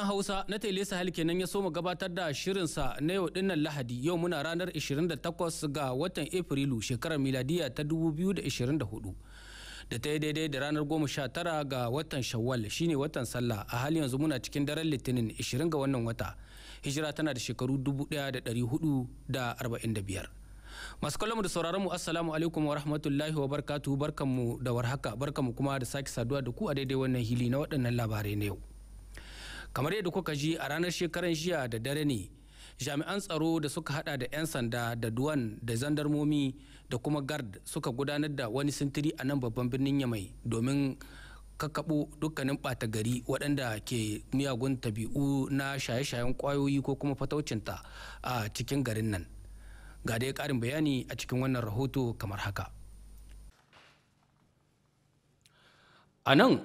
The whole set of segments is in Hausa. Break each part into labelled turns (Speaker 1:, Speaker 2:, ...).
Speaker 1: Sashen Hausa na Telesa kenan ya mu gabatar da shirinsa na yau dinnan Lahadi yau muna ranar 28 ga watan Afrilu shekarar miladiya ta 2024 da ta yi daidai da ranar 19 ga watan Shawwal shine watan sallah a hali yanzu muna cikin daren Litinin 20 ga wannan wata hijira tana da shekaru 1445 masu kallon da sauraron mu assalamu alaikum wa rahmatullahi wa barkatu barkanmu da warhaka barkanmu kuma da sake saduwa da ku a daidai wannan hili na waɗannan labarai na yau kamar yadda kuka ji a ranar shekaran jiya da dare ne jami'an tsaro da suka hada da 'yan sanda da duwan da zandarmomi da kuma gard suka gudanar da wani sintiri a nan babban birnin yamai domin kakkaɓo dukkanin bata gari waɗanda ke miyagun tabi'u na shaye-shayen kwayoyi ko kuma fataucinta a cikin garin nan ga dai karin bayani a cikin wannan rahoto kamar haka a nan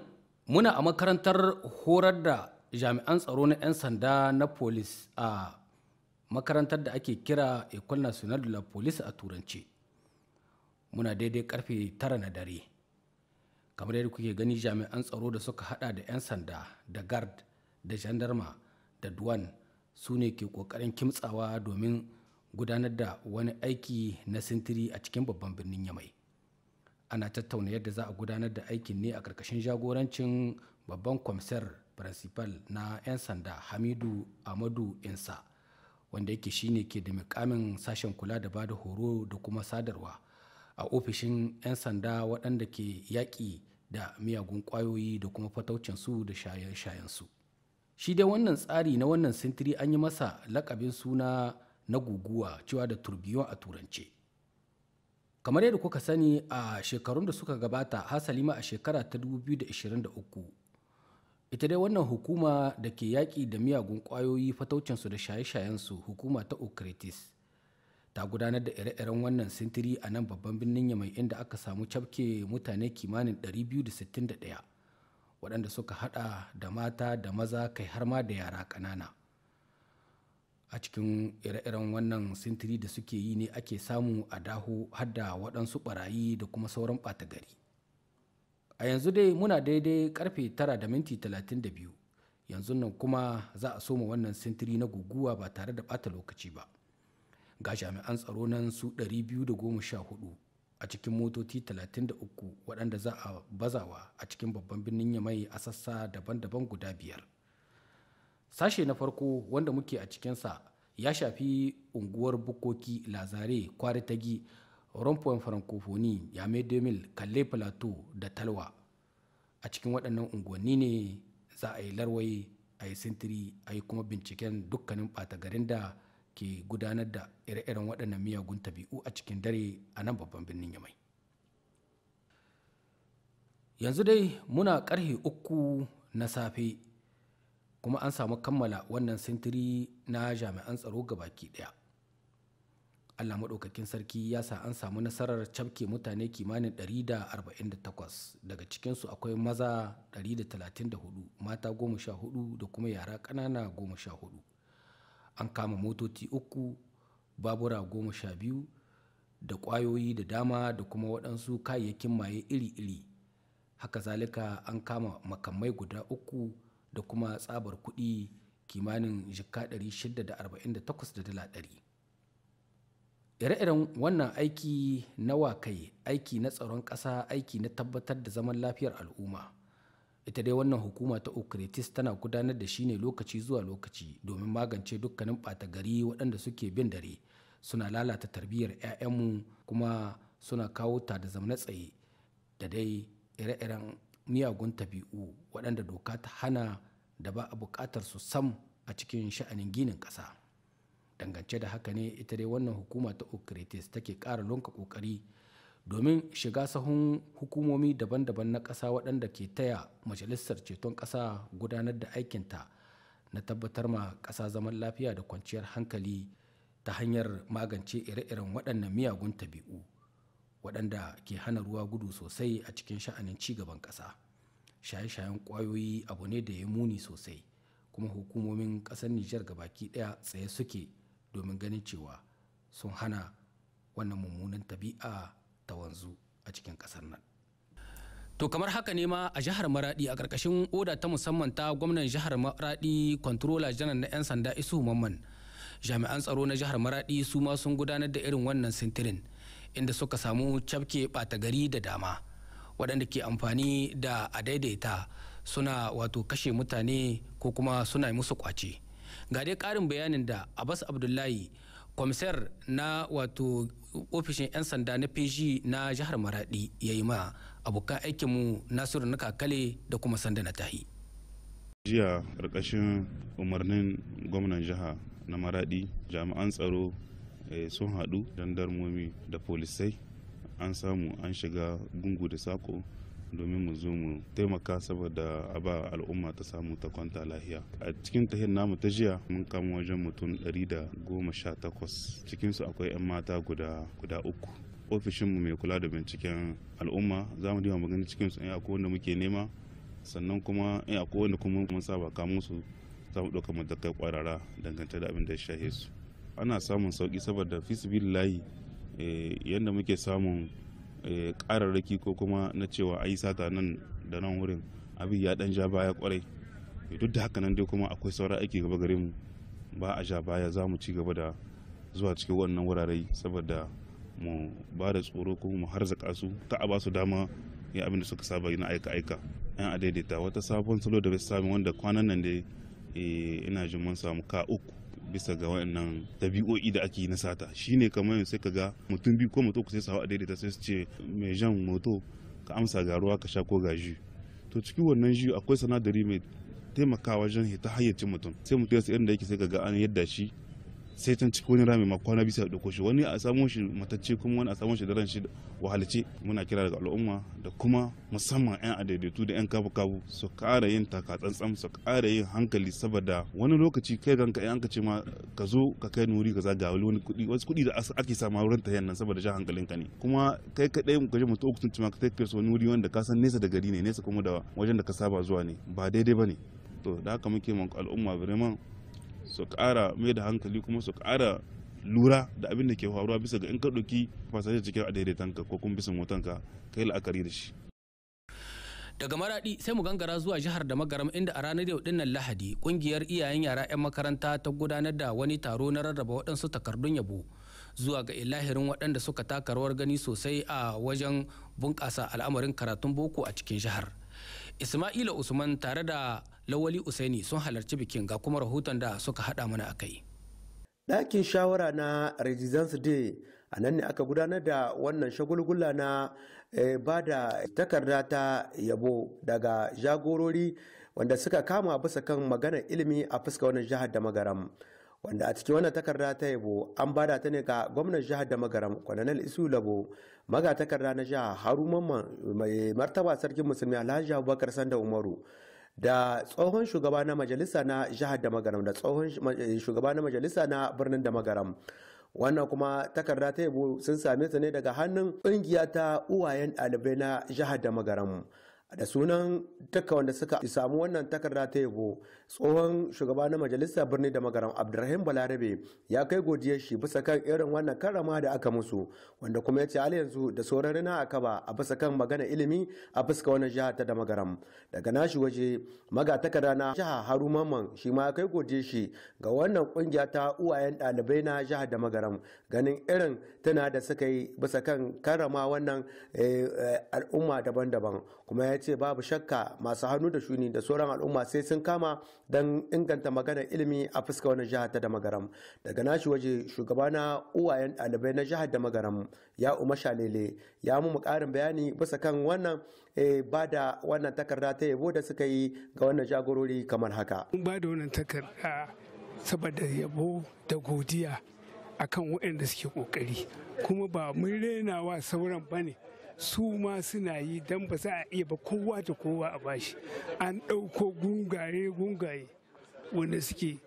Speaker 1: muna a makarantar horar da jami'an tsaro na 'yan sanda na polis a makarantar da ake kira Ecole National de la Police a turanci Muna daidai karfe tara na dare. Kamar yadda kuke gani jami'an tsaro da suka hada da 'yan sanda da guard da gendarma da duwan su ne ke kokarin kimtsawa domin gudanar da wani aiki na sintiri a cikin babban birnin Yamai. Ana tattauna yadda za a gudanar da aikin ne a ƙarƙashin jagorancin babban kwamsar principal na 'yan sanda hamidu amadu insa wanda yake shine ke da mukamin sashen kula da bada horo da kuma sadarwa a ofishin 'yan sanda waɗanda ke yaƙi da miyagun ƙwayoyi da kuma fataucinsu da shayen-shayensu shi dai wannan tsari na wannan sintiri an yi masa lakabin suna na guguwa cewa da turbiyon a turance kamar yadda kuka sani a shekarun da suka gabata hasalima a shekara ta 2023 ita dai wannan hukuma da ke yaƙi da miyagun ƙwayoyi fataucinsu da shaye-shayensu hukuma ta ukritis ta gudanar da ire-iren wannan sintiri a nan babban birnin yamai inda aka samu cafke mutane kimanin 261 waɗanda suka hada da mata da maza kai har ma da yara ƙanana a cikin ire-iren wannan sintiri da suke yi ne ake samu a daho har waɗansu barayi da kuma sauran ɓata gari a yanzu dai muna daidai karfe tara da minti biyu yanzu nan kuma za a soma wannan sintiri na guguwa ba tare da bata lokaci ba ga jami'an tsaro nan su 214 a cikin motoci 33 waɗanda za a bazawa a cikin babban birnin yamai a sassa daban-daban guda biyar sashe na farko wanda muke a cikinsa ya shafi unguwar bukoki lazare kwaritagi rompoin francophonie mai 2000 kalle plateau da talwa a cikin waɗannan unguwanni ne za a yi larwai a yi sintiri a yi kuma binciken dukkanin ɓata garin da ke gudanar da ire-iren waɗannan miyagun tabi'u a cikin dare a nan babban birnin yamai yanzu dai muna karhe uku na safe kuma an samu kammala wannan sintiri na jami'an tsaro ga baki ɗaya Allah maɗaukakin sarki ya sa an samu nasarar cafke mutane kimanin 148 daga cikinsu akwai maza 134 mata 14 da kuma yara ƙanana 14 an kama motoci uku babura 12 da ƙwayoyi da dama da kuma waɗansu kayayyakin maye iri-iri haka zalika an kama makamai guda uku da kuma tsabar kuɗi kimanin jika 648 da dala 100 ire-iren wannan aiki na wakai aiki na tsaron ƙasa aiki na tabbatar da zaman lafiyar al'umma ita dai wannan hukuma ta okretis tana gudanar da shi ne lokaci zuwa lokaci domin magance dukkanin ɓata gari waɗanda suke bin dare suna lalata tarbiyyar 'ya'yanmu kuma suna kawo ta da zamna tsaye da dai ire-iren miyagun tabi'u waɗanda doka ta hana da ba a buƙatar su sam a cikin sha'anin ginin ƙasa. dangance da haka ne ita dai wannan hukuma ta okritis take ƙara lonka ƙoƙari domin shiga sahun hukumomi daban-daban na ƙasa waɗanda ke taya majalisar ceton ƙasa gudanar da aikinta na tabbatar ma ƙasa zaman lafiya da kwanciyar hankali ta hanyar magance ire-iren waɗannan miyagun tabi'u waɗanda ke hana ruwa gudu sosai a cikin sha'anin cigaban ƙasa shaye-shayen ƙwayoyi abu ne da ya muni sosai kuma hukumomin ƙasar nijar baki ɗaya tsaye suke domin ganin cewa sun hana wannan mummunan tabi'a ta wanzu a cikin kasar nan to kamar haka ne ma a jihar maradi a ƙarƙashin oda ta musamman ta gwamnan jihar maradi controller janar na 'yan sanda isu mamman jami'an tsaro na jihar maradi su ma sun gudanar da irin wannan sintirin inda suka samu cafke ɓata gari da dama waɗanda ke amfani da a daidaita suna wato kashe mutane ko kuma suna musu kwace ga dai karin bayanin da abbas abdullahi kwamisar na wato ofishin 'yan sanda na pg na jihar maradi ya yi ma abokan aikinmu nasiru na kakale da kuma sanda na tahi
Speaker 2: jiya karkashin umarnin gwamnan jiha na maradi jami'an tsaro eh, sun haɗu dandarmomi da polisai an samu an shiga gungu da sako domin mu zo mu taimaka saboda a ba al'umma ta samu ta kwanta lahiya a cikin tahiyar namu ta jiya mun kama wajen mutum da goma 118 cikinsu akwai 'yan mata guda guda uku ofishinmu mai kula da binciken al'umma za mu dima magana cikin su akwai wanda muke nema sannan kuma a akwai wanda kuma mun saba kamo su za mu ɗauka matakai kwarara dangantar da abin da ya shahe su ana samun sauki saboda fisibilillahi eh, yadda muke samun kararraki eh, ko kuma na cewa a yi sata nan da nan wurin abin ya dan ja baya kwarai duk da haka nan dai kuma akwai sauran aiki gaba gare mu ba a ja baya za mu ci gaba da zuwa cikin wannan wurare saboda mu ba da tsoro kuma mu harzaka su ka a ba su dama ya abin da suka saba yi na aika-aika yan a wata sabon salo da bai sami wanda kwanan nan dai eh, ina jin mun samu ka uku bisa ga wayannan dabi'o'i da ake yi na sata shine kamar sai ka ga mutum biyu ko mutum ku sai sawa a daidaita sai su ce mai jan moto ka amsa ga ruwa ka sha ko ga ju to cikin wannan ju akwai sanadari mai taimakawa wajen hita hayyacin mutum sai mutum ya yadda da yake sai ka ga an yadda shi sai can cikin wani rami ma kwana bisa da shi wani a samo shi matacce kuma wani a samo shi da ran shi wahalci muna kira daga al'umma da kuma musamman yan adaidaitu da yan kabu kabu su kara yin taka su kara yin hankali saboda wani lokaci kai ganka yan ka ce ma ka zo ka kai nuri ka zaga wani kuɗi wasu kuɗi da ake sama wurin ta nan saboda jan hankalin ka ne kuma kai kaɗai ka je mutu uku tuntuma ka kai so nuri wanda ka san nesa da gari ne nesa kuma da wajen da ka saba zuwa ne ba daidai ba ne to da haka muke al'umma vraiment su kara mai da hankali kuma su kara lura da abin da ke faruwa bisa ga in ka ɗauki fasashe cikin daidaitanka ko kuma bisa motanka ka yi la'akari da shi.
Speaker 1: daga maraɗi sai mu gangara zuwa jihar da magaram inda a ranar yau dinnan lahadi ƙungiyar iyayen yara 'yan makaranta ta gudanar da wani taro na rarraba waɗansu takardun yabo zuwa ga ilahirin waɗanda suka taka rawar gani sosai a wajen bunƙasa al'amarin karatun boko a cikin jihar ismaila usman tare da lawali usaini sun halarci bikin ga kuma rahoton da suka hada mana akai
Speaker 3: ɗakin shawara na residence day a nan ne aka gudanar da wannan shagulgula na eh, ba da takarda ta yabo daga jagorori wanda suka kama bisa kan maganar ilimi a fuska wannan jihar da magaram wanda a cikin wannan takarda ta yabo an bada ta ne ga gwamnan jihar da magaram kwananal isu labo maga takarda na jihar haru mai martaba sarkin musulmi alhaji abubakar sanda umaru da tsohon shugaba na majalisa na jihar da magaram da tsohon eh, shugaba na majalisa na birnin da magaram wannan kuma takarda ta yabo sun same ta ne daga hannun ƙungiya ta uwayen ɗalibai na jihar da magaram da sunan duka wanda suka samu wannan takarda ta yabo tsohon shugaba na majalisa birni da magaram abdurrahim balarabe ya kai godiyar shi bisa kan irin wannan karama da aka musu wanda kuma ya ce hali yanzu da sauran na aka ba a bisa kan magana ilimi a fuska wani jiha ta da magaram daga nashi waje maga takarda na jiha haru mamman shi ma ya kai godiyar shi ga wannan kungiya ta uwayen ɗalibai na jihar da magaram ganin irin tana da suka yi bisa kan karrama wannan eh, eh, al'umma daban-daban kuma ya ce babu shakka masu hannu da shuni da sauran al'umma sai sun kama don inganta maganar ilimi a fuska wani jihar ta da daga nashi waje shugaba na uwayen ɗalibai na jihar da magaram ya umar lele ya mu karin bayani bisa kan wannan eh, ba da wannan takarda ta yabo da suka yi ga wannan jagorori kamar haka.
Speaker 2: Mun ba da wannan takarda saboda yabo da godiya akan waɗanda suke ƙoƙari kuma ba mun renawa sauran ba ne su ma suna yi don ba za a iya ba kowa da kowa a bashi an ɗauko gungaye gungaye wanda suke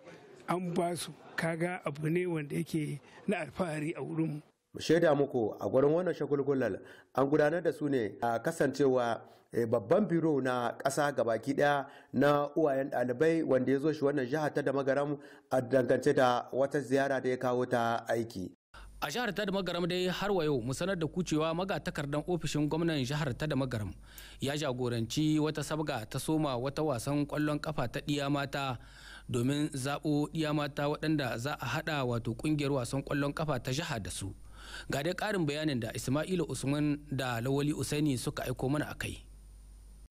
Speaker 2: an ba su kaga abu ne wanda yake na alfahari a wurin
Speaker 3: shaida muku a gurin wannan shagulgular an gudanar da su ne a kasancewa eh, babban biro na ƙasa gabaki daya na uwayen ɗalibai wanda ya zo shi wannan jihar ta da magaram a dangance da wata ziyara da ya kawo ta aiki
Speaker 1: a jihar ta da magaram dai har wa yau mu sanar da kucewa magatakardan ofishin gwamnan jihar ta da magaram ya jagoranci wata sabga ta soma wata wasan kwallon kafa ta ɗiya mata domin zaɓo diya mata waɗanda za a haɗa wato ƙungiyar wasan kwallon kafa ta jihar da su ga dai ƙarin bayanin da ismaila usman da lawali usaini suka aiko mana a kai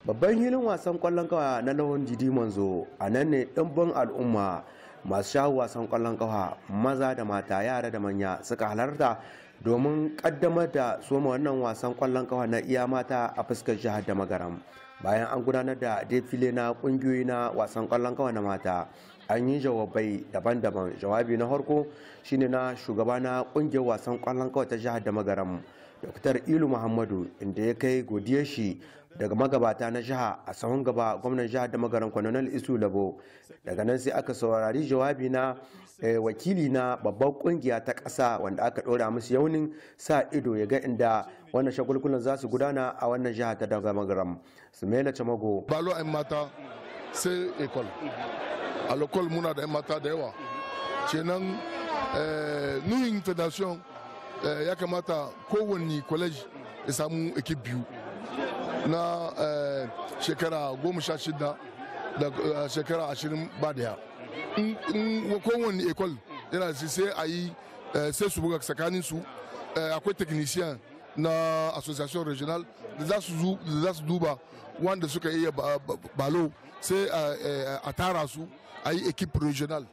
Speaker 3: babban hilin wasan kwallon kawa na lawan jidi manzo a nan ne dimbin al'umma masu shahu wasan kwallon kawa maza da mata yara da manya suka halarta domin ƙaddamar da soma wannan wasan kwallon kawa na iya mata a fuskar jihar da magaram bayan an gudanar da defile na kungiyoyi na wasan kwallon kawa na mata an yi jawabai daban-daban jawabi na harko shine na shugaba na kungiyar wasan kwallon kawa ta jihar da magaram dr ilu muhammadu inda ya kai godiyar shi daga magabata na jiha a sahun gaba gwamnan jihar da magaran kwanonan isu labo daga nan sai aka saurari jawabi na e wakili na babbar kungiya ta ƙasa wanda aka ɗora musu yaunin sa ido ya ga inda wannan shagulgulan za su gudana a wannan jiha ta Damagaram Sumaila Chamago balo ai mata
Speaker 2: sai ekol a lokal muna da mata da yawa kenan eh, New federation eh, ya kamata kowanne college ya samu ekip biyu na eh, shekara goma sha shida da shekara ashirin ba daya kowanne ekol yana sai a yi sai su buga tsakanin su akwai technician na association régionale, da za su da za duba wanda suka iya balo sai a tara su a une équipe regional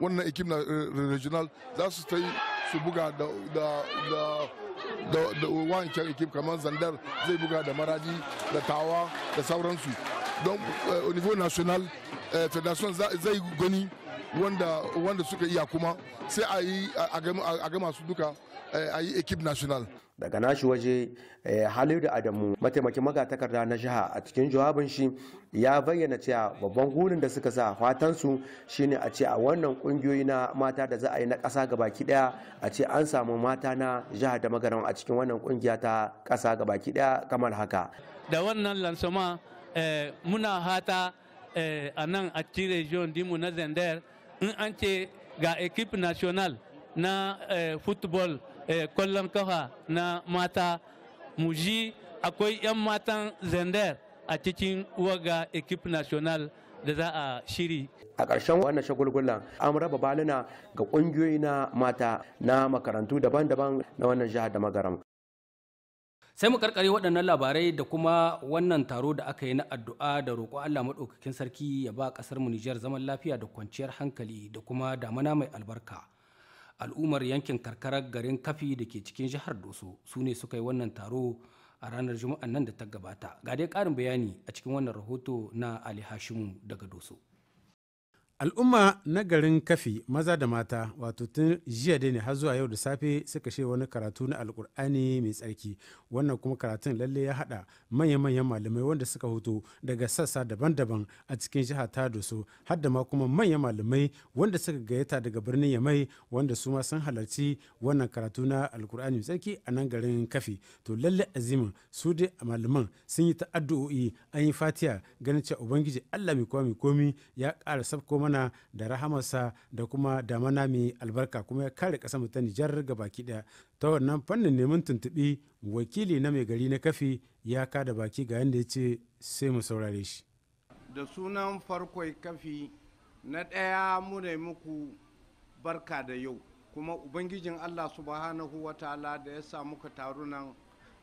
Speaker 2: wannan équipe na euh, regional za su subuga, su buga da da wancan ekip zai buga da maradi da tawa da sauransu donc euh, au niveau national euh, federation zai gani wanda wanda suka iya kuma sai a yi a gama su duka eh, a yi ekip national
Speaker 3: daga nashi waje eh, da adamu mataimakin magatakarda na jiha a cikin jawabin shi ya bayyana cewa babban gurin da suka sa fatansu shine a ce a wannan kungiyoyi na mata da za a yi na kasa gabaki daya a ce an samu mata na jihar da magaran a cikin wannan kungiya ta kasa gabaki daya kamar haka
Speaker 1: da wannan lansoma eh, muna hata a nan a cire region dimu na zandar in an ce ga equipe national na eh, football eh, kwallon kafa na mata mu akwai 'yan matan zandar a cikin uwa ga equipe national
Speaker 2: da za a shiri.
Speaker 3: A ƙarshen wannan shagulgulan an raba baluna ga ƙungiyoyi na mata na makarantu daban-daban na wannan jihar da magaram
Speaker 1: sai mu karkare waɗannan labarai da kuma wannan taro da aka yi na addu'a da roƙo Allah maɗaukakin sarki ya ba ƙasar mu Nijar zaman lafiya da kwanciyar hankali da kuma damana mai albarka al'ummar yankin karkarar garin kafi da ke cikin jihar Doso su ne suka yi wannan taro a ranar juma'an nan da ta gabata ga dai ƙarin bayani a cikin wannan rahoto na Ali Hashimu daga Doso
Speaker 4: al'umma na garin kafi maza da mata wato tun jiya dai ne har zuwa yau da safe suka she wani karatu na alkur'ani mai tsarki wannan kuma karatun lalle ya hada manya-manyan malamai wanda suka hoto daga sassa daban-daban a cikin jiha ta doso har da ma kuma manya malamai wanda suka gayyata daga birnin yamai wanda su ma sun halarci wannan karatu na alkur'ani mai tsarki a nan garin kafi to lalle azimin su dai malaman sun yi ta'addu'o'i an yi fatiya ganin cewa ubangiji allah mai komi ya ƙara sabko mana da rahamarsa da kuma da mana mai albarka kuma ya kare ƙasar mu ta Nijar baki ɗaya. Ta wannan fannin neman tuntuɓi wakili na mai gari na kafi ya kada baki ga yanda ya ce sai mu saurare shi.
Speaker 5: Da sunan farkoi kafi na ɗaya mu muku barka da yau kuma ubangijin Allah subhanahu wa ta'ala da ya sa muka taru nan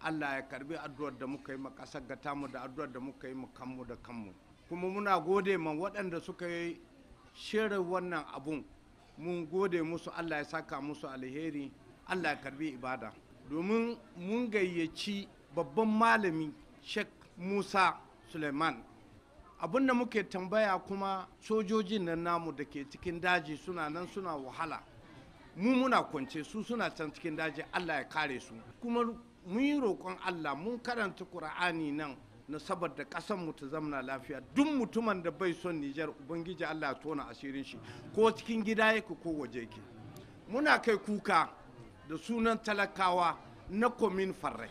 Speaker 5: Allah ya karbi addu'ar da muka yi ma ƙasar ga tamu da addu'ar da muka yi mu kanmu da kanmu kuma muna gode ma waɗanda suka yi share wannan abun mun gode musu allah ya saka musu alheri allah ya karbi ibada domin mun gayyaci babban malami sheikh musa suleiman abin da muke tambaya kuma sojojin nan namu da ke cikin daji suna nan suna wahala mu muna kwance su suna can cikin daji allah ya kare su kuma mun yi roƙon allah mun karanta kur'ani nan na saboda ƙasar mu ta zamana lafiya duk mutumin da bai son Nijar ubangiji Allah ya tona asirin shi ko cikin gida yake ko waje yake muna kai kuka da sunan talakawa na komin farre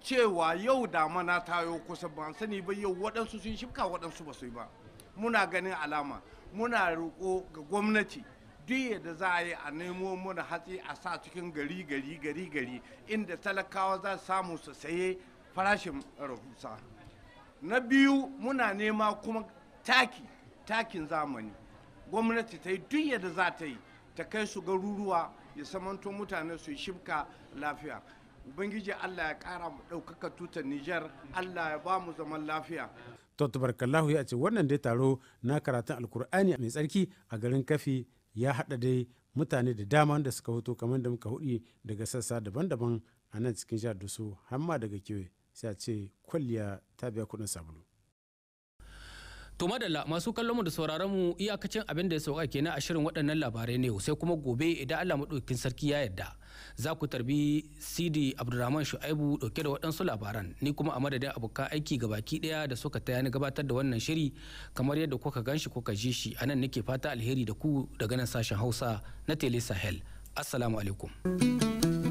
Speaker 5: cewa yau damana ta yo kusa ban sani ba yau waɗansu sun shifka waɗansu ba su yi ba muna ganin alama muna roƙo ga gwamnati duk yadda za a yi a nemo mana hatsi a sa cikin gari gari gari gari inda talakawa za samu su saye farashin rahusa. na biyu muna nema kuma taki takin zamani gwamnati ta yi duk yadda za ta yi ta kai su garuruwa ya samanto mutane su shimka lafiya ubangiji allah ya kara mu ɗaukaka tutar nijar allah ya ba mu zaman lafiya
Speaker 4: to ya ce wannan dai taro na karatun alkur'ani mai tsarki a garin kafi ya hada dai mutane da dama da suka hoto kamar da muka hudi daga sassa daban-daban a nan cikin jihar dusu hamma daga kewe sai a ce kwalliya ta biya kuɗin sabulu
Speaker 1: To madalla masu kallon mu da sauraron mu iyakacin abin da ya sauka kenan a shirin waɗannan labarai ne sai kuma gobe idan Allah madaukakin sarki ya yarda za ku tarbi Sidi Abdulrahman Shu'aibu ɗauke da waɗansu labaran ni kuma a madadin abokan aiki gabaki ɗaya da suka taya ni gabatar da wannan shiri kamar yadda kuka ganshi kuka ji shi anan nake fata alheri da ku daga nan sashen Hausa na Tele Sahel. Assalamu alaikum.